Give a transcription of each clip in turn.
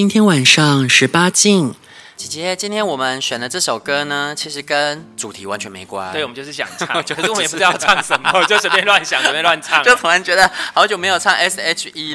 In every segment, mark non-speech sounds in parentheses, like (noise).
今天晚上十八禁。姐姐，今天我們選的這首歌呢，其實跟主題完全沒關。對，我們就是想唱，可是我們也不知道唱什麼， (laughs) 就隨是、啊、便亂想，隨 (laughs) 便亂唱。就突然覺得好久沒有唱 SHE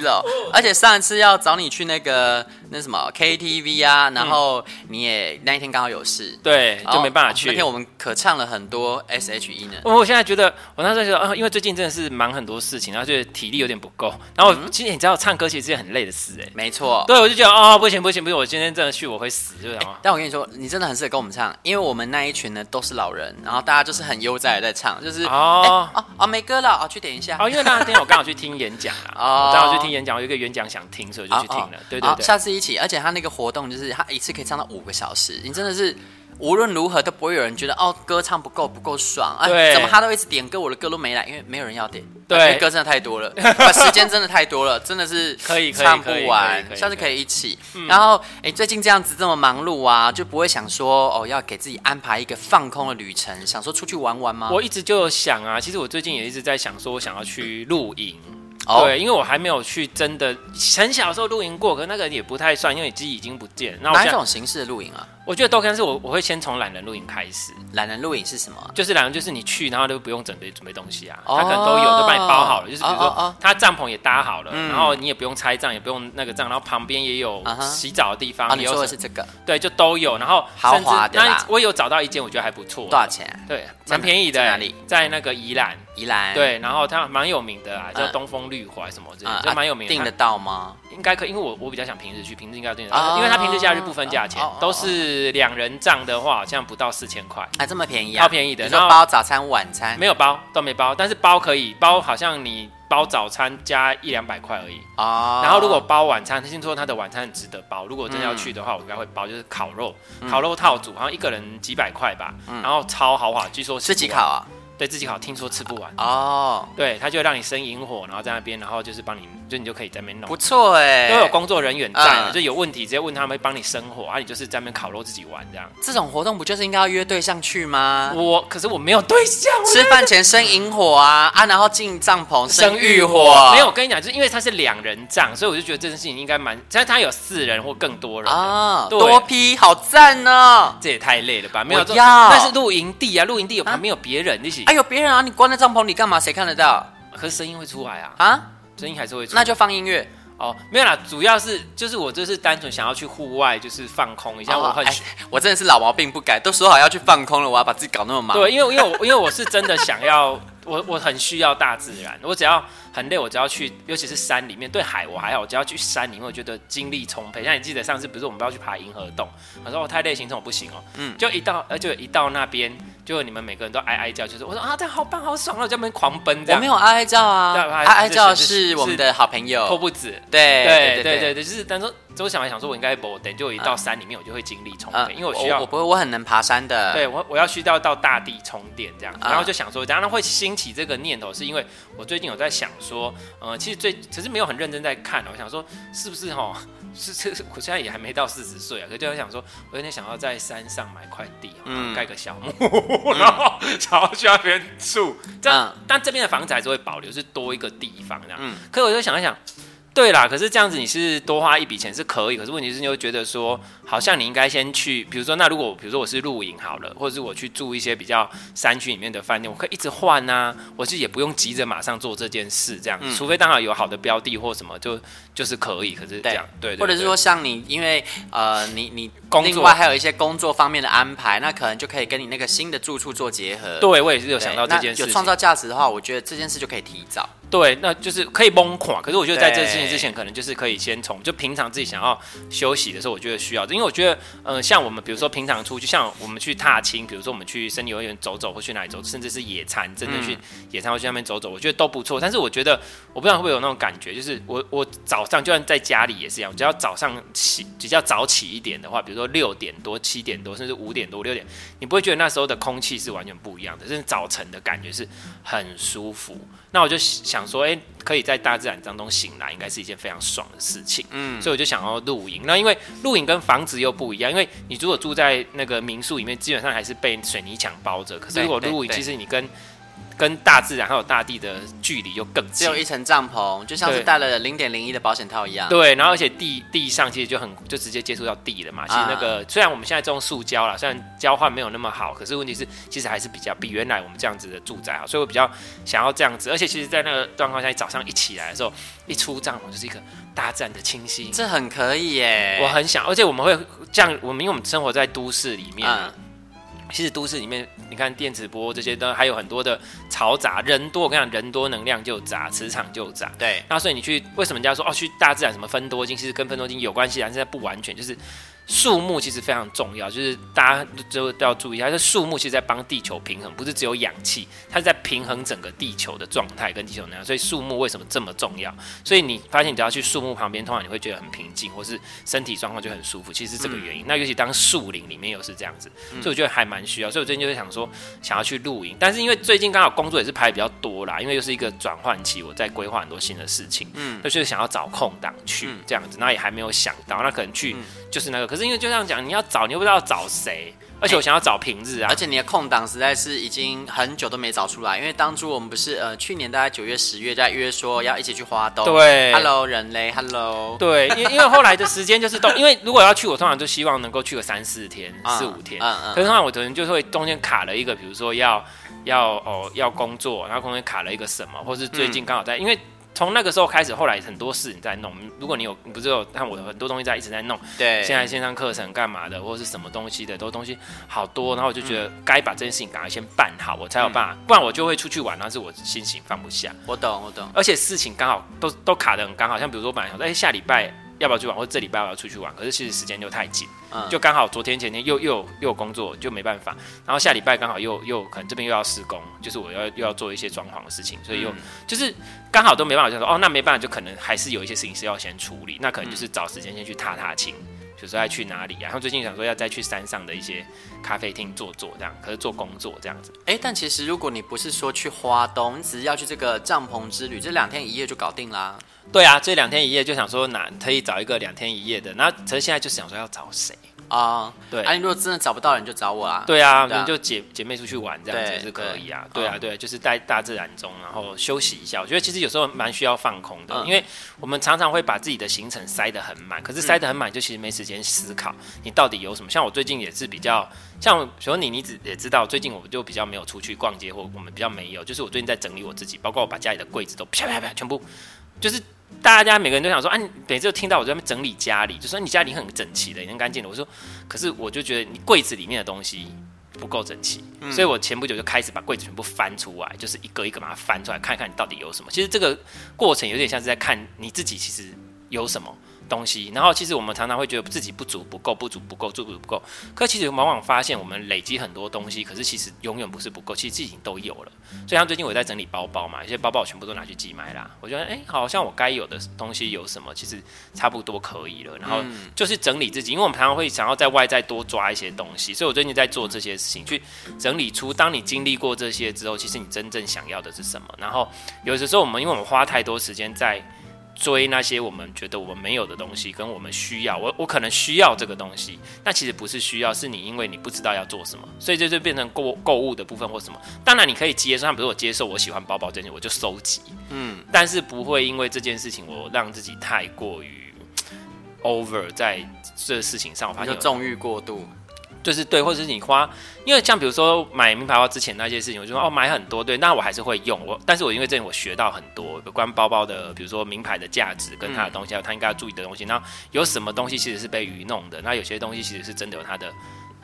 了，H e、而且上一次要找你去那個那什麼 K T V 啊，然後你也、嗯、那一天剛好有事，對，後就沒辦法去。那天我們可唱了很多 SHE 呢。我現在覺得，我那時候覺得，啊，因為最近真的是忙很多事情，然後就體力有點不夠。然後，其實你知道，嗯、唱歌其實是件很累的事，哎錯，沒錯。對，我就覺得，哦，不行不行不行，我今天真的去我會死，對。但我跟你說，你真的很適合跟我們唱，因為我們那一群呢都是老人，然後大家就是很悠哉的在唱，就是哦、欸、哦哦沒歌了哦，去點一下哦，因為那天我剛好去聽演講了，哦、我剛好去聽演講，我有個演講想聽，所以我就去聽了，哦哦對對對，對、哦，下次一起，而且他那個活動就是他一次可以唱到五個小時，你真的是。嗯無論如何都不會有人覺得哦，歌唱，不夠不夠爽啊！欸、對怎麼他都一直點歌，我的歌都沒來，因為沒有人要點。對，歌真的太多了， (laughs) 時間真的太多了，真的是可以唱不完。下次可以一起。嗯、然後，哎、欸，最近這樣子這麼忙碌啊，就不會想說哦，要給自己安排一個放空的旅程，想說出去玩玩嗎？我一直就有想啊，其實我最近也一直在想，說我想要去露營。對，因為我還沒有去，真的很小的時候露營過，可那個也不太算，因為你自己已經不見。哪一種形式的露營啊？我覺得都乾是我，我會先從懶人露營開始。懶人露營是什麼？就是懶人就是你去，然後都不用準備準備東西啊，他可能都有都幫你包好了，就是比如說他帳篷也搭好了，然後你也不用拆帳，也不用那個帳，然後旁邊也有洗澡的地方，你說會是這個？對，就都有，然後豪華的。那我有找到一間，我覺得還不錯。多少錢？對，蠻便宜的。在哪裡？在那個宜蘭。宜蘭對，然後他蠻有名的啊，叫東風綠活什麼這些，就蠻有名的。訂得到嗎？應該可以，因為我我比較想平日去，平日應該訂得到，因為他平日假日不分價錢，都是兩人帳的話，好像不到四千塊。啊，這麼便宜啊，超便宜的。你說包早餐晚餐？沒有包，都沒包，但是包可以包，好像你包早餐加一兩百塊而已哦。然後如果包晚餐，聽說他的晚餐值得包。如果真的要去的話，我應該會包，就是烤肉，烤肉套組，好像一個人幾百塊吧，然後超豪華，據說是自己烤啊。對自己好，聽說吃不完哦。Oh. 對，他就讓你生營火，然後在那邊，然後就是幫你。就你就可以在那邊弄，不錯哎，都有工作人員在，就有問題直接問他們會幫你生火，啊。你就是在那邊烤肉自己玩這樣。這種活動不就是應該要約對象去嗎？我可是我沒有對象。吃飯前生營火啊啊，然後進帳篷生浴火。沒有，我跟你講，就是因為它是兩人帳，所以我就覺得這件事情應該蠻，但他有四人或更多人啊，多批好讚呢。這也太累了吧？沒有，但是露營地啊，露營地有旁邊有別人，你起。哎，有別人啊，你關在帳篷裡幹嘛？誰看得到？可是聲音會出來啊啊！聲音還是會出，那就放音樂。哦，沒有啦，主要是就是我就是單純想要去戶外，就是放空一下。哦、我很，欸，我真的是老毛病不改，都說好要去放空了，我要把自己搞那麼忙。對，因為因為我因為我是真的想要， (laughs) 我我很需要大自然，我只要。很累，我只要去，尤其是山裡面。對海我還好，我只要去山裡面，我覺得精力充沛。像你記得上次，不是我們不要去爬銀河洞？我說我太累，行程我不行哦。嗯，就一到呃，就一到那邊，就你們每個人都哀哀叫，就是我說啊，這樣好棒，好爽哦，叫我們狂奔這樣。我沒有哀哀叫啊，哀哀叫是我們的好朋友拓步子。對對對對對，就是。但是之想來想說，我應該不會等，就一到山裡面，我就會精力充沛，因為我需要。我不會，我很能爬山的。對我，我要需要到大地充電這樣。然後就想說，當然會興起這個念頭，是因為我最近有在想。說，嗯，其實最，只是沒有很認真在看。喔，我想說，是不是齁？是是，我現在也還沒到四十歲啊。可是就想說，我有點想要在山上買塊地，喔，蓋個小木，然後在那邊住。嗯、這樣，但這邊的房子還是會保留，是多一個地方這樣。嗯、可是我就想一想。對啦，可是這樣子你是多花一筆錢是可以，可是問題是你又覺得說，好像你應該先去，比如說，那如果比如說我是露營好了，或者是我去住一些比較山區裡面的飯店，我可以一直換啊，我就也不用急着馬上做這件事，這樣子，嗯、除非剛好有好的標的或什麼就。就是可以，可是這樣，對，對對對，或者是說像你，因為呃，你你，工作，另外還有一些工作方面的安排，作那可能就可以跟你那個新的住處做結合。對，對我也是有想到這件事。有創造價值的話，我覺得這件事就可以提早。對，那就是可以崩垮。可是我覺得在這件事情之前，對可能就是可以先從就平常自己想要休息的時候，我覺得需要。因為我覺得，嗯、呃，像我們比如說平常出去，像我們去踏青，比如說我們去森林遊園走走，或去哪裡走，甚至是野餐，真的去野餐或去那邊走走，我覺得都不錯。嗯、但是我覺得，我不知道會不會有那種感覺，就是我我早。早上就算在家裡也是一樣，只要早上起比較早起一點的話，比如說六點多、七點多，甚至五點多、六點，你不會覺得那時候的空氣是完全不一樣的，甚至早晨的感覺是很舒服。那我就想說，哎、欸，可以在大自然當中醒來，應該是一件非常爽的事情。嗯，所以我就想要露營。那因為露營跟房子又不一樣，因為你如果住在那個民宿裡面，基本上還是被水泥牆包着。可是如果露營，其實你跟對對對跟大自然還有大地的距離又更近，只有一層帳篷，就像是帶了零點零一的保險套一樣。對，然後而且地地上其實就很就直接接觸到地了嘛。其實那個、啊、雖然我們現在這種塑膠啦，雖然交換沒有那麼好，可是問題是其實還是比較比原來我們這樣子的住宅啊。所以我比較想要這樣子。而且其實在那個狀況下，早上一起來的時候，一出帳篷就是一個大自然的清新，這很可以耶、欸。我很想，而且我們會這樣，我們因為我們生活在都市裡面。啊其實都市裡面，你看電子波這些都還有很多的嘈雜，人多。我跟你講，人多能量就雜，磁場就雜。對，那所以你去，為什麼人家說哦，去大自然什麼芬多精？其實跟芬多精有關係，但是它不完全就是。樹木其實非常重要，就是大家就都要注意一下，這樹木其實在幫地球平衡，不是只有氧氣，它是在平衡整個地球的狀態跟地球能量，所以樹木為什麼這麼重要？所以你發現你只要去樹木旁邊，通常你會覺得很平靜，或是身體狀況就很舒服，其實是這個原因。嗯、那尤其當樹林裡面又是這樣子，嗯、所以我覺得還蠻需要。所以我最近就是想說，想要去露營，但是因為最近剛好工作也是拍的比較多啦，因為又是一個轉換期，我在規劃很多新的事情，嗯，就是想要找空檔去、嗯、這樣子，那也還沒有想到，那可能去、嗯、就是那個。可是因為就這樣講，你要找你又不知道要找誰，而且我想要找平日啊，而且你的空檔實在是已經很久都沒找出來，因為當初我們不是呃去年大概九月十月在約說要一起去花東，對，Hello 人類，Hello，對，因為因為後來的時間就是都， (laughs) 因為如果要去，我通常就希望能夠去個三四天、四五天，嗯嗯，可是那我可能就會中間卡了一個，比如說要要哦要工作，然後中間卡了一個什麼，或是最近剛好在、嗯、因為。從那個時候開始，後來很多事情在弄。如果你有，你不是有看我很多東西在一直在弄。對，現在線上課程幹嘛的，或是什麼東西的，都東西好多。然後我就覺得該把這件事情趕快先辦好，我才有辦法。嗯、不然我就會出去玩，但是我心情放不下。我懂，我懂。而且事情剛好都都卡得很剛好，像比如說，本來想說，哎、欸，下禮拜。要不要去玩？我這禮拜我要出去玩，可是其實時間又太緊，嗯、就剛好昨天前天又又有又有工作，就沒辦法。然後下禮拜剛好又又有可能這邊又要施工，就是我要又要做一些裝潢的事情，所以又、嗯、就是剛好都沒辦法想。就說哦，那沒辦法，就可能還是有一些事情是要先處理。那可能就是找時間先去踏踏青，嗯、就是說要去哪裡啊，然後最近想說要再去山上的一些咖啡廳坐坐，這樣。可是做工作這樣子。哎，欸，但其實如果你不是說去花東，你只是要去這個帳篷之旅，這兩天一夜就搞定啦。對啊，這兩天一夜就想說哪可以找一個兩天一夜的。然後，其實現在就是想說要找誰、uh, 對啊？對啊，你如果真的找不到，你就找我啊！對啊，對啊，你就姐姐妹出去玩這樣子對是可以啊！對，對啊，嗯、對啊，就是在大自然中，然後休息一下。我覺得其實有時候蠻需要放空的，嗯、因為我們常常會把自己的行程塞得很滿，可是塞得很滿就其實沒時間思考你到底有什麼。嗯、像我最近也是比較，像比如說你你也知道，最近我就比較沒有出去逛街，或者我們比較沒有，就是我最近在整理我自己，包括我把家裡的櫃子都啪啪啪，啪全部就是。大家每個人都想說啊，每次都聽到我在那邊整理家裡，就說你家裡很整齊的，也很乾淨的。我說，可是我就覺得你櫃子裡面的東西不夠整齊，嗯，所以我前不久就開始把櫃子全部翻出來，就是一個一個把它翻出來，看一看你到底有什麼。其實這個過程有點像是在看你自己其實有什麼東西，然後其實我們常常會覺得自己不足、不夠、不足、不夠、不足、不夠。可其實往往發現，我們累積很多東西，可是其實永遠不是不夠，其實自己已經都有了。所以像最近我在整理包包嘛，有些包包我全部都拿去寄賣啦。我覺得，哎、欸，好像我該有的東西有什麼，其實差不多可以了。然後就是整理自己，因為我們常常會想要在外再多抓一些東西，所以我最近在做這些事情，去整理出當你經歷過這些之後，其實你真正想要的是什麼。然後有的時候我們因為我們花太多時間在。追那些我們覺得我們沒有的東西，跟我們需要，我我可能需要這個東西，那其實不是需要，是你因為你不知道要做什麼，所以這就變成購購物的部分或什麼。當然你可以接受，比如說我接受我喜歡包包這件事，我就收集，嗯，但是不會因為這件事情我讓自己太過於 over 在這事情上，嗯，我發現重欲過度。就是對，或者是你花，因為像比如說買名牌包之前那些事情，我就說哦買很多對，那我還是會用我，但是我因為這裡我學到很多有關包，包包的，比如說名牌的價值跟它的東西，還有它應該要注意的東西，那有什麼東西其實是被愚弄的，那有些東西其實是真的有它的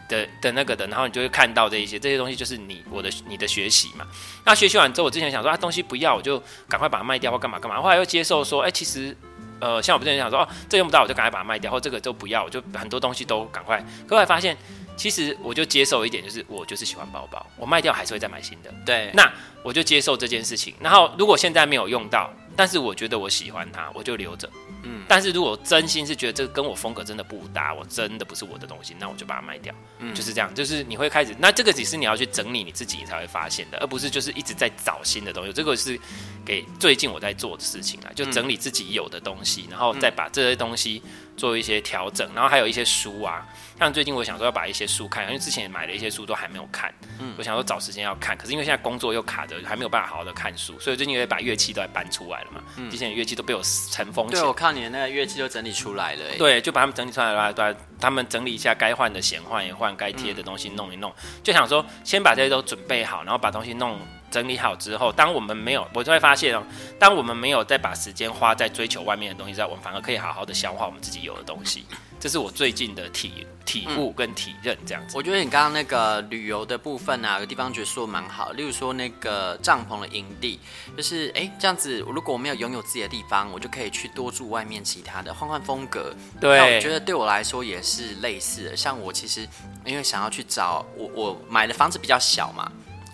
的的那個的，然後你就會看到這一些這些東西，就是你我的你的學習嘛。那學習完之後，我之前想說啊東西不要，我就趕快把它賣掉或幹嘛幹嘛，後來又接受說，哎、欸、其實呃像我之前想說哦這個用不到，我就趕快把它賣掉，或這個就不要，我就很多東西都趕快，後來發現。其實我就接受一點，就是我就是喜歡包包，我賣掉還是會再買新的。對，那我就接受這件事情。然後如果現在沒有用到，但是我覺得我喜歡它，我就留着。嗯，但是如果真心是覺得這個跟我風格真的不搭，我真的不是我的東西，那我就把它賣掉。嗯，就是這樣，就是你會開始。那這個只是你要去整理你自己，你才會發現的，而不是就是一直在找新的東西。這個是給最近我在做的事情啊，就整理自己有的東西，然後再把這些東西。嗯嗯做一些調整，然後還有一些書啊，像最近我想說要把一些書看，因為之前買的一些書都還沒有看，嗯，我想說找時間要看，可是因為現在工作又卡着，還沒有辦法好好的看書，所以最近也把樂器都還搬出來了嘛，嗯、之前樂器都被我塵封起來，對，我看你的那個樂器都整理出來了，嗯欸、對，就把它們整理出來了，對，他們整理一下該換的弦換一換，該貼的東西弄一弄，嗯、就想說先把這些都準備好，然後把東西弄。整理好之後，當我們沒有，我就會發現哦、喔，當我們沒有再把時間花在追求外面的東西上，我們反而可以好好的消化我們自己有的東西。這是我最近的體體悟跟體認這樣子。嗯，我覺得你剛剛那個旅遊的部分啊，有地方覺得說蠻好，例如說那個帳篷的營地，就是哎、欸，這樣子，如果我沒有擁有自己的地方，我就可以去多住外面其他的，換換風格。對，我覺得對我來說也是類似的。像我其實因為想要去找我，我買的房子比較小嘛。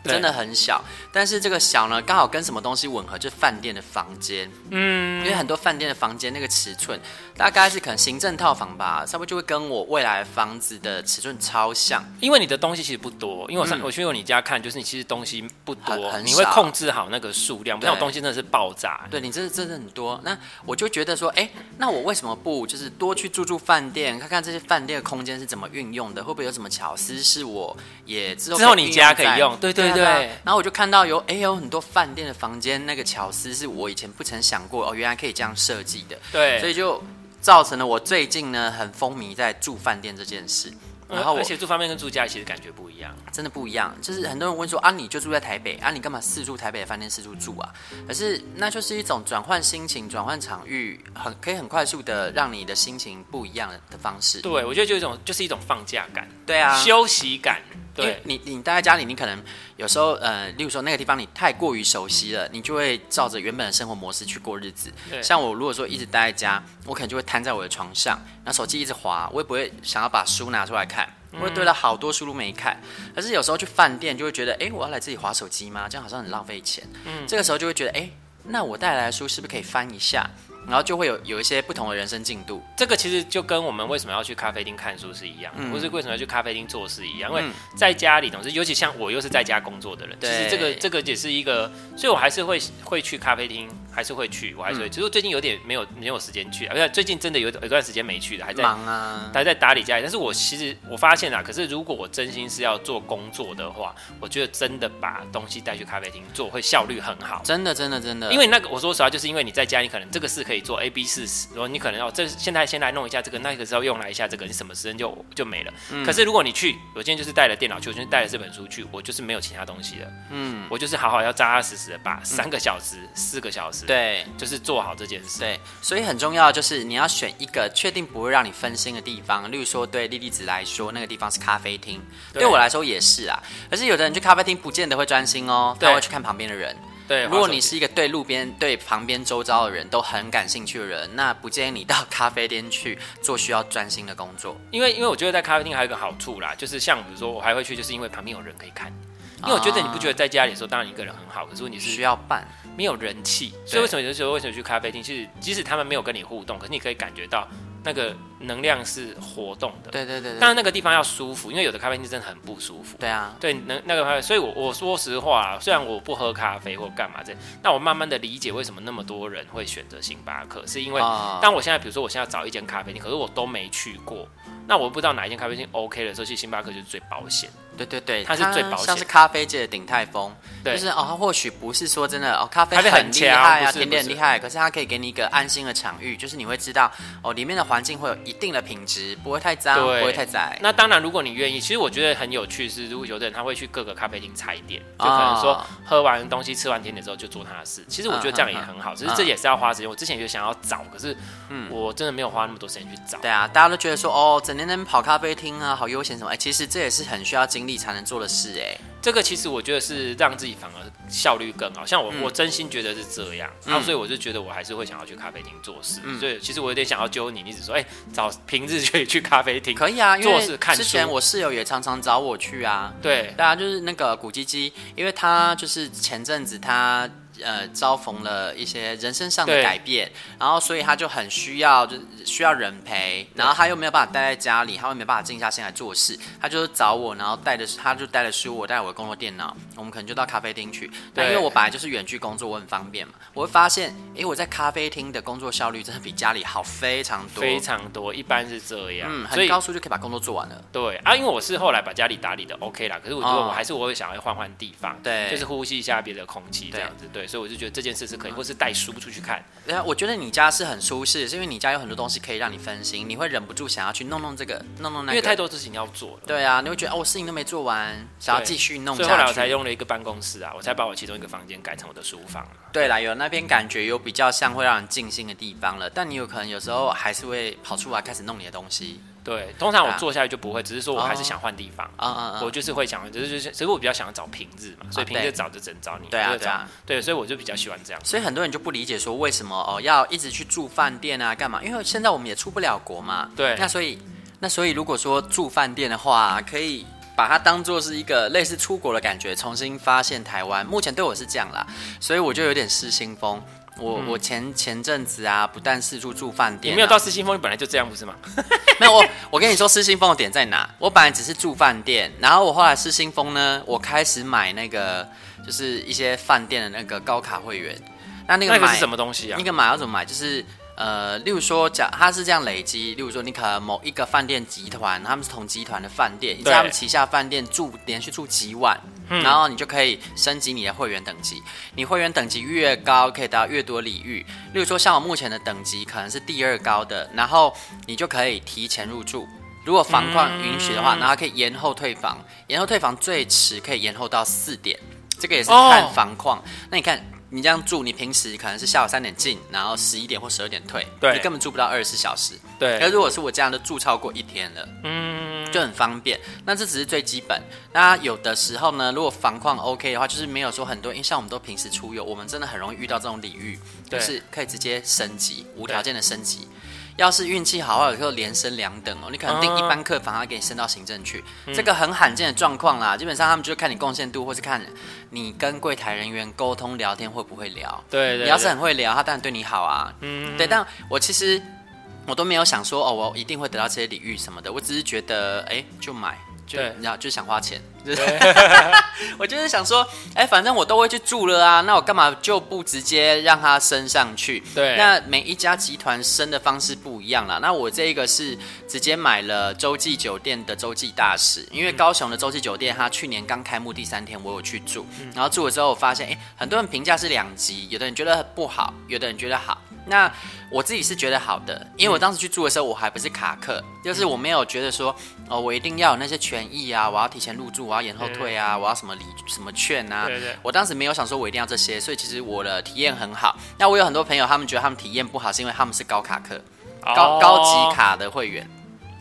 真的很小，對但是這個小呢，剛好跟什麼東西吻合？就是飯店的房間，嗯，因為很多飯店的房間那個尺寸。大概是可能行政套房吧，差不多就會跟我未來的房子的尺寸超像。因為你的東西其實不多，因為我上、嗯、我去過你家看，就是你其實東西不多，很很你會控制好那個數量。不然對我東西真的是爆炸，對，你真是真的很多。那我就覺得說，哎，那我為什麼不就是多去住住飯店，看看這些飯店的空間是怎麼運用的，會不會有什麼巧思是我也之後之後你家可以用？對對對。對啊對啊，然後我就看到有，哎，有很多飯店的房間那個巧思是我以前不曾想過，哦，原來可以這樣設計的。對，所以就。造成了我最近呢很風靡在住飯店這件事，然後而且住飯店跟住家其實感覺不一樣，真的不一樣。就是很多人問說啊，你就住在台北啊，你幹嘛四處台北的飯店四處住啊？可是那就是一種轉換心情、轉換場域，很可以很快速的讓你的心情不一樣的方式。對，我覺得就一種就是一種放假感，對啊，休息感。對，因為你，你待在家裡，你可能有時候，呃，例如說那個地方你太過於熟悉了，嗯、你就會照着原本的生活模式去過日子。對像我如果說一直待在家，我可能就會癱在我的床上，那手機一直滑，我也不會想要把書拿出來看，我會堆了好多書都沒看。可、嗯、是有時候去飯店，就會覺得，哎、欸，我要來這裡滑手機嗎？這樣好像很浪費錢。嗯，這個時候就會覺得，哎、欸，那我帶來的書是不是可以翻一下？然後就會有有一些不同的人生進度，這個其實就跟我們為什麼要去咖啡廳看書是一樣，或、嗯、是為什麼要去咖啡廳做事一樣。因為在家裡總是，尤其像我又是在家工作的人，對其實這個這個也是一個，所以我還是會會去咖啡廳，還是會去，我還是會，只是、嗯、最近有點沒有沒有時間去，而且最近真的有有段時間沒去了，還在忙啊，還在打理家裡。但是我其實我發現啊，可是如果我真心是要做工作的話，我覺得真的把東西帶去咖啡廳做會效率很好，真的真的真的。真的真的因為那個我說實話，就是因為你在家，你可能這個事可以。做 A、B 40，然後你可能要、哦、這現在先,先來弄一下這個，那個時候用來一下這個，你什麼時間就就沒了。嗯、可是如果你去，我今天就是帶了電腦去，我今天帶了這本書去，我就是沒有其他東西的。嗯。我就是好好要扎扎實實的把三個小時、嗯、四個小時，對，就是做好這件事。對，所以很重要就是你要選一個確定不會讓你分心的地方。例如說，對麗麗子來說，那個地方是咖啡廳；對,對我來說也是啊。可是有的人去咖啡廳不見得會專心哦，我對會去看旁邊的人。對，如果你是一個對路邊、對旁邊、周遭的人都很感興趣的人，那不建議你到咖啡店去做需要專心的工作。因為，因為我覺得在咖啡廳還有一個好處啦，就是像比如說我還會去，就是因為旁邊有人可以看。因為我覺得你不覺得在家裡的時候，啊、當然一個人很好，可是你是需要伴，沒有人氣。所以為什麼有的時候為什麼去咖啡廳，其實即使他們沒有跟你互動，可是你可以感覺到，那個能量是活動的，對對對,對但是那個地方要舒服，因為有的咖啡廳真的很不舒服。對啊，對，那那個咖啡，所以我我說實話，雖然我不喝咖啡或幹嘛這樣，那我慢慢的理解為什麼那麼多人會選擇星巴克，是因為，當我現在比如說我現在找一間咖啡廳，可是我都沒去過，那我不知道哪一間咖啡廳 OK 的時候，去星巴克就是最保險。對對對，它是最保險的。像是咖啡界的鼎泰豐。對，就是哦，它或許不是說真的哦，咖啡很厲害啊，甜點很厲害，可是它可以給你一個安心的場域，就是你會知道哦，裡面的環境會有一定的品質，不會太髒，不會太窄。那當然，如果你願意，其實我覺得很有趣，是如果有的人他會去各個咖啡廳踩點，就可能說喝完東西、吃完甜點之後就做他的事。其實我覺得這樣也很好，只是這也是要花時間。我之前就想要找，可是我真的沒有花那麼多時間去找。對啊，大家都覺得說哦，整天能跑咖啡廳啊，好悠閒什麼，哎，其實這也是很需要經。力才能做的事哎、欸，這個其實我覺得是讓自己反而效率更好，像我、嗯、我真心覺得是這樣，那、嗯啊、所以我就覺得我還是會想要去咖啡廳做事，嗯、所以其實我有點想要揪你，你只說哎找、欸、平日就可以去咖啡廳，可以啊，做事，因為之前我室友也常常找我去啊，對，大家就是那個古唧唧，因為他就是前陣子他。呃，遭逢了一些人生上的改變，對然後所以他就很需要，就需要人陪，然後他又沒有辦法待在家裡，他又沒有辦法靜下心來做事，他就是找我，然後帶着他就帶著書，我帶我的工作電腦，我們可能就到咖啡廳去，對、啊，因為我本來就是遠距工作，我很方便嘛，我會發現，哎，我在咖啡廳的工作效率真的比家裡好非常多，非常多，一般是這樣，嗯，很高速就可以把工作做完了，對，啊，因為我是後來把家裡打理的 OK 啦，可是我覺得、哦、我還是我會想要換換地方，對，就是呼吸一下別的空氣這樣子，對。所以我就覺得這件事是可以，嗯、或是帶書出去看、嗯。對啊，我覺得你家是很舒適，是因為你家有很多東西可以讓你分心，你會忍不住想要去弄弄這個、弄弄那個，因為太多事情要做了。對啊，你會覺得哦，我事情都沒做完，想要繼續弄下去。最後來我才用了一個辦公室啊，我才把我其中一個房間改成我的書房、啊。對啦，有那邊感覺有比較像會讓人靜心的地方了，但你有可能有時候還是會跑出來開始弄你的東西。對，通常我坐下來就不會，啊、只是說我還是想換地方，oh, 我就是會想，只、就是就是，只是我比較想要找平日嘛，oh, 所以平日找就只能找你，對、啊，找，對，啊對，啊、對，所以我就比較喜歡這樣。所以很多人就不理解說為什麼哦要一直去住飯店啊，幹嘛？因為現在我們也出不了國嘛。對。那所以，那所以如果說住飯店的話、啊，可以把它當做是一個類似出國的感覺，重新發現台灣。目前對我是這樣啦，所以我就有點失心瘋。我、嗯、我前前陣子啊，不但四處住飯店、啊，你沒有到失心瘋，本來就這樣，不是嗎？ (laughs) 沒有，我我跟你說，失心瘋的點在哪？我本來只是住飯店，然後我後來失心瘋呢，我開始買那個，就是一些飯店的那個高卡會員。那那個買那個是什麼東西啊？那個買要怎麼買？就是。呃，例如說，假，他是這樣累積。例如說，你可能某一個飯店集團，他們是同集團的飯店，你對在他們旗下飯店住連續住幾晚，嗯、然後你就可以升級你的會員等級。你會員等級越高，可以得到越多禮遇。例如說，像我目前的等級可能是第二高的，然後你就可以提前入住。如果房況允許的話，嗯、然後可以延後退房。延後退房最遲可以延後到四點，這個也是看房況。哦、那你看。你這樣住，你平時可能是下午三點進，然後十一點或十二點退，對你根本住不到二十四小時。對。而如果是我這樣都住超過一天了，嗯，就很方便。那這只是最基本。那有的時候呢，如果房況 OK 的話，就是沒有說很多，因為像我們都平時出遊，我們真的很容易遇到這種禮遇，對就是可以直接升級，無條件的升級。要是運氣好好，有時候連升兩等哦、喔，你可能訂一般客房，他給你升到行政去。嗯、這個很罕見的狀況啦。基本上他們就是看你貢獻度，或是看你跟櫃台人員溝通聊天會不會聊。對，對對，你要是很會聊，他當然對你好啊。嗯，對。但我其實我都沒有想說哦、喔，我一定會得到這些禮遇什麼的。我只是覺得，哎、欸，就買，就你知道對就想花錢。對 (laughs) 我就是想說，哎、欸，反正我都會去住了啊，那我幹嘛就不直接讓它升上去？對，那每一家集團升的方式不一樣啦。那我這一個是直接買了洲際酒店的洲際大使，因為高雄的洲際酒店它、嗯、去年剛開幕第三天，我有去住，嗯、然後住了之後我發現，哎、欸，很多人評價是兩極，有的人覺得不好，有的人覺得好。那我自己是覺得好的，因為我當時去住的時候我還不是卡客，就是我沒有覺得說，哦，我一定要有那些權益啊，我要提前入住啊。我要延後退啊！欸、我要什麼禮什麼券啊？對對，對，我當時沒有想說我一定要這些，所以其實我的體驗很好。那我有很多朋友，他們覺得他們體驗不好，是因為他們是高卡客，高、哦、高級卡的會員，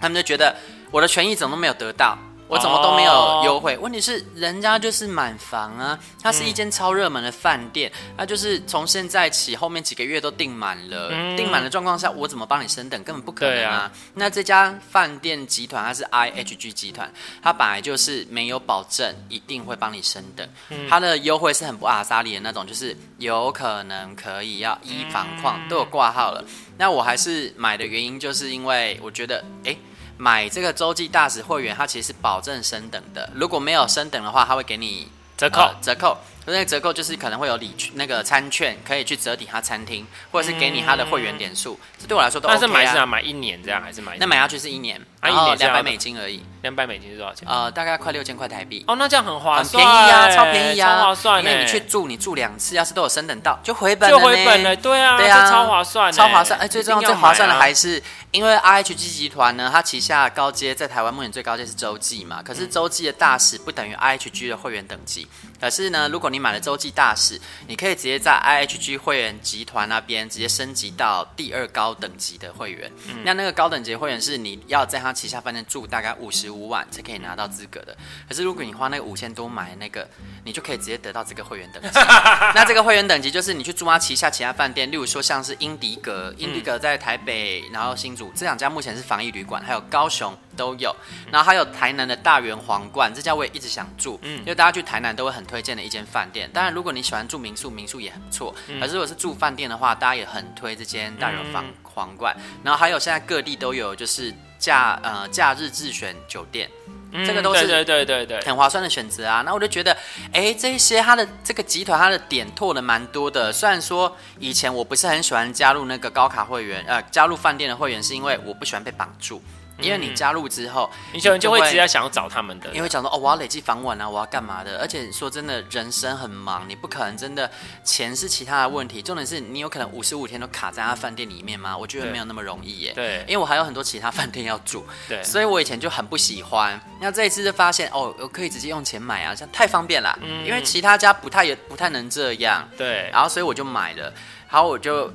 他們就覺得我的權益怎麼都沒有得到。我怎麼都沒有優惠？Oh、問題是人家就是滿房啊，它是一間超熱門的飯店，那、嗯、就是從現在起後面幾個月都訂滿了。訂滿、嗯、的狀況下，我怎麼幫你升等？根本不可能啊！啊那這家飯店集團它是 IHG 集團，它本來就是沒有保證一定會幫你升等，嗯、它的優惠是很不阿薩利的那種，就是有可能可以要一房況、嗯、都有掛號了。那我還是買的原因就是因為我覺得，哎、欸。買這個洲際大使會員，它其實是保證升等的。如果沒有升等的話，他會給你折扣、呃，折扣。那個折扣就是可能會有禮券，那個餐券，可以去折抵他餐廳，或者是給你他的會員點數。這對我來說都那是買什麼？買一年這樣還是買？那買下去是一年，啊，一年兩百美金而已。兩百美金是多少錢？呃，大概快六千塊台幣。哦，那這樣很划算，很便宜呀！超便宜呀！超划算。那你去住，你住兩次，要是都有升等到，就回本，就回本了。對啊，對啊，超划算，超划算。哎，最重要最划算的還是因為 IHG 集團呢，它旗下高階在台灣目前最高階是洲際嘛，可是洲際的大使不等於 IHG 的會員等級。可是呢，如果你買了洲際大使，你可以直接在 IHG 會員集團那邊直接升級到第二高等級的會員。嗯、那那個高等級的會員是你要在他旗下飯店住大概五十五晚才可以拿到資格的。可是如果你花那五千多買那個，你就可以直接得到這個會員等級。 (laughs) 那這個會員等級就是你去住他旗下其他飯店，例如說像是英迪格、英迪格在台北，然後新竹、嗯、然後新竹這兩家目前是防疫旅館，還有高雄。都有，然後還有台南的大員皇冠，這家我也一直想住，嗯，因為大家去台南都會很推薦的一間飯店。當然，如果你喜歡住民宿，民宿也很不錯。嗯、而如果是住飯店的話，大家也很推這間大員皇冠。嗯、然後還有現在各地都有，就是假呃假日自選酒店，嗯、這個都是對對對對很划算的選擇啊。那、嗯、我就覺得，哎，這一些它的這個集團它的店拓得蠻多的。雖然說以前我不是很喜歡加入那個高卡會員，呃，加入飯店的會員是因為我不喜歡被綁住。因為你加入之後，嗯、你就會直接想要找他們的，因為想說哦，我要累計房晚啊，我要幹嘛的？而且說真的，人生很忙，你不可能真的，錢是其他的問題，重點是你有可能五十五天都卡在他飯店裡面嗎？我覺得沒有那麼容易耶。對，因為我還有很多其他飯店要住。對，所以我以前就很不喜歡。那這一次就發現哦，我可以直接用錢買啊，這樣太方便了啊。嗯，因為其他家不太也不太能這樣。對，然後所以我就買了，然後我就。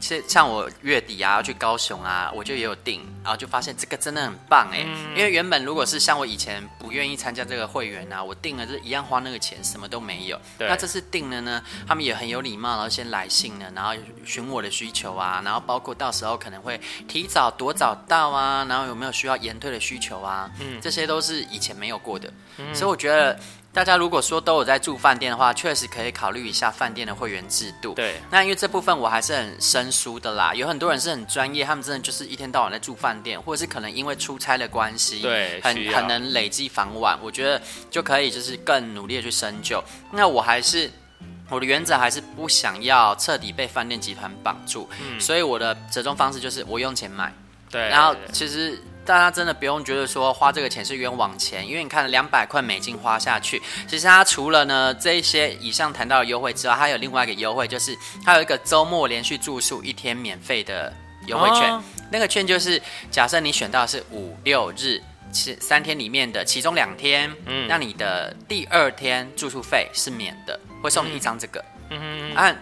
像我月底啊，要去高雄啊，我就也有訂，然後就發現這個真的很棒哎、欸，因為原本如果是像我以前不願意參加這個會員啊，我訂了就是一樣花那個錢，什麼都沒有。對那這次訂了呢，他們也很有禮貌，然後先來信了，然後詢我的需求啊，然後包括到時候可能會提早多早到啊，然後有沒有需要延退的需求啊，嗯、這些都是以前沒有過的，所以我覺得。嗯大家如果說都有在住飯店的話，確實可以考慮一下飯店的會員制度。對，那因為這部分我還是很生疏的啦。有很多人是很專業，他們真的就是一天到晚在住飯店，或者是可能因為出差的關係，對，很、很能累積房晚。我覺得就可以就是更努力的去深究。那我還是我的原則還是不想要徹底被飯店集團綁住，嗯，所以我的折中方式就是我用錢買，對，然後其實。大家真的不用覺得說花這個錢是冤枉錢，因為你看兩百塊美金花下去，其實它除了呢這一些以上談到的優惠之外，它還有另外一個優惠，就是它有一個周末連續住宿一天免費的優惠券。啊、那個券就是假設你選到的是五六日其三天裡面的其中兩天，嗯、那你的第二天住宿費是免的，會送你一張這個，按、嗯哼啊、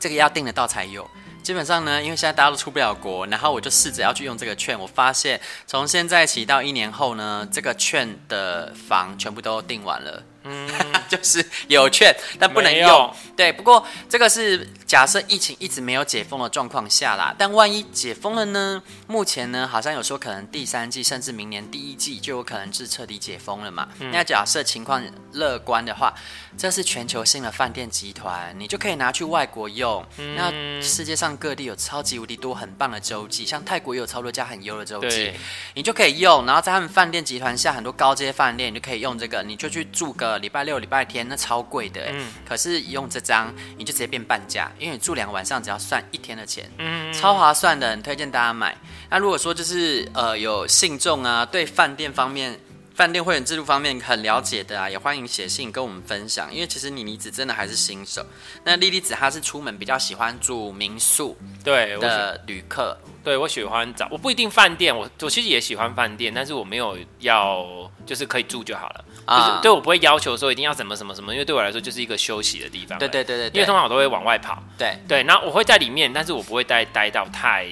這個要訂得到才有。基本上呢，因為現在大家都出不了國，然後我就試着要去用這個券。我發現從現在起到一年後呢，這個券的房全部都訂完了。嗯， (laughs) 就是有券，但不能用。有對，不過這個是假設疫情一直沒有解封的狀況下啦。但萬一解封了呢？目前呢，好像有說可能第三季甚至明年第一季就有可能是徹底解封了嘛。嗯、那假設情況樂觀的話，這是全球性的飯店集團，你就可以拿去外國用。嗯、那世界上各地有超級無敵多很棒的洲際，像泰國也有超多家很優的洲際，對你就可以用。然後在他們飯店集團下很多高階飯店，你就可以用這個，你就去住個。呃、禮拜六、禮拜天那超貴的欸，嗯，可是用這張你就直接變半價，因為你住兩個晚上只要算一天的錢，嗯嗯嗯，超划算的，很推薦大家買。那如果說就是呃有信眾啊，對飯店方面。飯店會員制度方面很了解的啊，也歡迎寫信跟我們分享。因為其實妮妮子真的還是新手。那莉莉子她是出門比較喜歡住民宿，對，對的旅客。對我喜歡找，我不一定飯店，我我其實也喜歡飯店，但是我沒有要就是可以住就好了。啊、嗯，對，我不會要求說一定要怎麼什麼什麼，因為對我來說就是一個休息的地方。對，對對對對，因為通常我都會往外跑。對對，然後我會在裡面，但是我不會待待到太。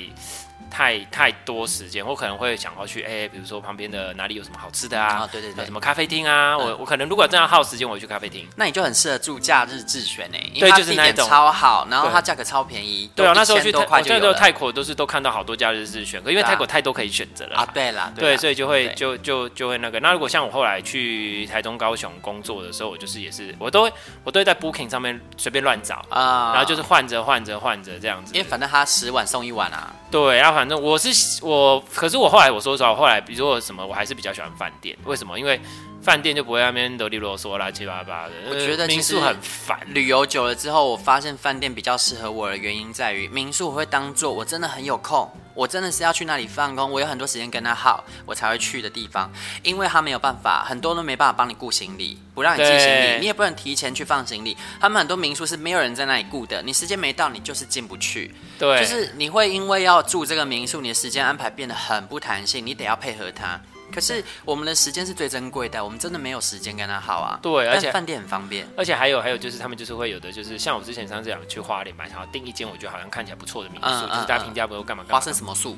太太多時間，我可能會想要去哎、欸，比如說旁邊的哪裡有什麼好吃的啊？哦、對對對、啊，什麼咖啡廳啊？嗯、我我可能如果這樣耗時間，我去咖啡廳。那你就很適合住假日自選呢，因為它地點超好，然後它價格超便宜。對啊，那時候去，那時候泰國都是都看到好多假日自選，可因為泰國太多可以選擇了啊。對了，對啦、對，所以就會就就就會那個。那如果像我後來去台中、高雄工作的時候，我就是也是，我都會我都會在 Booking 上面隨便亂找啊，哦、然後就是換着換着換着這樣子，因為反正它十晚送一晚啊。對，然後。反正我是我，可是我後來，我說實話，我後來比如說什麼，我還是比較喜歡飯店。為什麼？因為。飯店就不會那邊囉里囉嗦啦、亂七八八的。我覺得民宿很煩。旅遊久了之後，我發現飯店比較適合我的原因在於，民宿我會當做我真的很有空，我真的是要去那裡放空，我有很多時間跟他耗，我才會去的地方。因為他沒有辦法，很多人都沒辦法幫你顧行李，不讓你寄行李，對你也不能提前去放行李。他們很多民宿是沒有人在那裡顧的，你時間沒到，你就是進不去。對，就是你會因為要住這個民宿，你的時間安排變得很不彈性，你得要配合他。可是我們的時間是最珍貴的，我們真的沒有時間跟他好啊。對，而且飯店很方便。而且還有，還有就是他們就是會有的，就是像我之前上次講去花蓮嘛，然後訂一間我覺得好像看起來不錯的民宿，嗯嗯嗯、就是大家評價不錯，幹嘛幹嘛，發生什麼事？啊、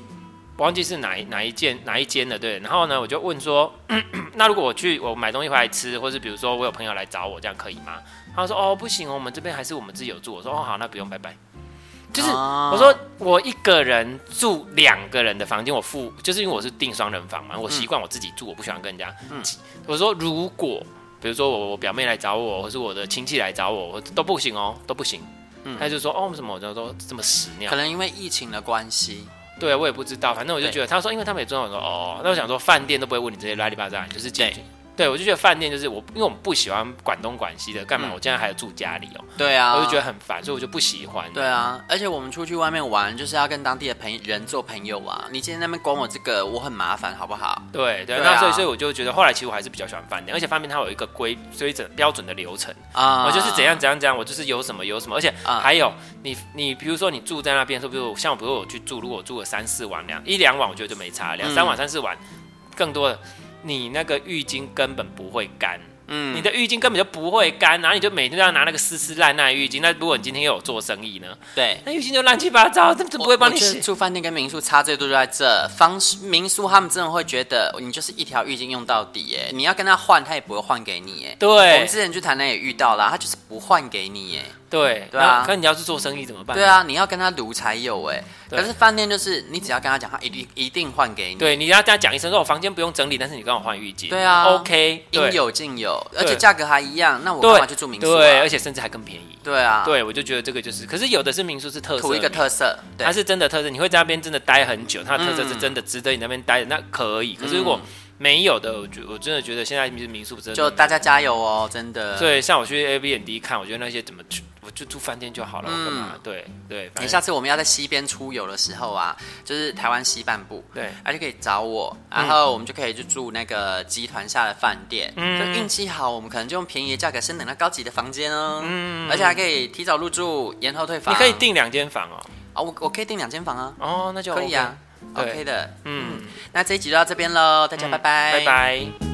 不忘記是哪一哪一間哪一間的。對，然後呢，我就問說，咳咳那如果我去我買東西回來吃，或是比如說我有朋友來找我，這樣可以嗎？他說哦不行，我們這邊還是我們自己有住。我說哦好，那不用，拜拜。就是我說我一個人住兩個人的房間，我付就是因為我是訂雙人房嘛，我習慣我自己住，我不喜歡跟人家、嗯。我說如果比如說我我表妹來找我，或是我的親戚來找我，我都不行哦？喔，都不行。他就說哦什麼，我就說這麼死尿，可能因為疫情的關係，對，我也不知道，反正我就覺得他說，因為他們也跟我說哦，那我想說飯店都不會問你這些拉里巴糟，就是。對，我就覺得飯店就是我，因為我們不喜歡管東管西的，幹嘛？我現在還要住家裡哦、喔嗯！對啊，我就覺得很煩，所以我就不喜歡。對啊，而且我們出去外面玩，就是要跟當地的朋人做朋友啊！你今天在那邊管我這個，我很麻煩，好不好？對對，那所以所以我就覺得，後來其實我還是比較喜歡飯店，而且飯店它有一個規，所以整標準的流程啊，我、嗯、就是怎樣怎樣怎樣，我就是有什麼有什麼，而且還有你、嗯、你，你比如說你住在那邊是不是？像我，比如說我去住，如果我住了三四晚，兩一兩晚我覺得就沒差，兩三晚、三,三四晚，更多的。嗯你那個浴巾根本不會乾，嗯，你的浴巾根本就不會乾，然後你就每天都要拿那個絲絲爛爛的浴巾。那如果你今天又有做生意呢？對，那浴巾就亂七八糟，真我不會幫你洗。住飯店跟民宿差最多就在這，房民宿他們真的會覺得你就是一條浴巾用到底耶，你要跟他換，他也不會換給你耶。對，我們之前去台南也遇到了，他就是不換給你耶。嗯對，對啊，可你要是做生意怎麼辦？對啊，你要跟他賭才有哎。可是飯店就是，你只要跟他講，他一定一定換給你。對，你要跟他講一聲，說我房間不用整理，但是你跟我換浴巾。對啊，OK，應有盡有，而且價格還一樣。那我幹嘛去住民宿啊？對，而且甚至還更便宜。對啊，對，我就覺得這個就是，可是有的是民宿是特色，一個特色，它是真的特色。你會在那邊真的待很久，它的特色是真的值得你那邊待的，那可以。可是如果沒有的，我覺我真的覺得現在民宿民宿真的就大家加油哦，真的。對，像我去 A B and D 看，我覺得那些怎麼去。我就住飯店就好了，我幹嘛？對對，等下次我們要在西邊出遊的時候啊，就是台灣西半部，對，而且可以找我，然後我們就可以去住那個集團下的飯店。嗯，運氣好，我們可能就用便宜的價格升等到高級的房間哦。嗯，而且還可以提早入住，延後退房。你可以訂兩間房哦。哦，我我可以訂兩間房啊。哦，那就可以啊。OK 的，嗯，那這一集就到這邊嘍，大家拜拜，拜拜。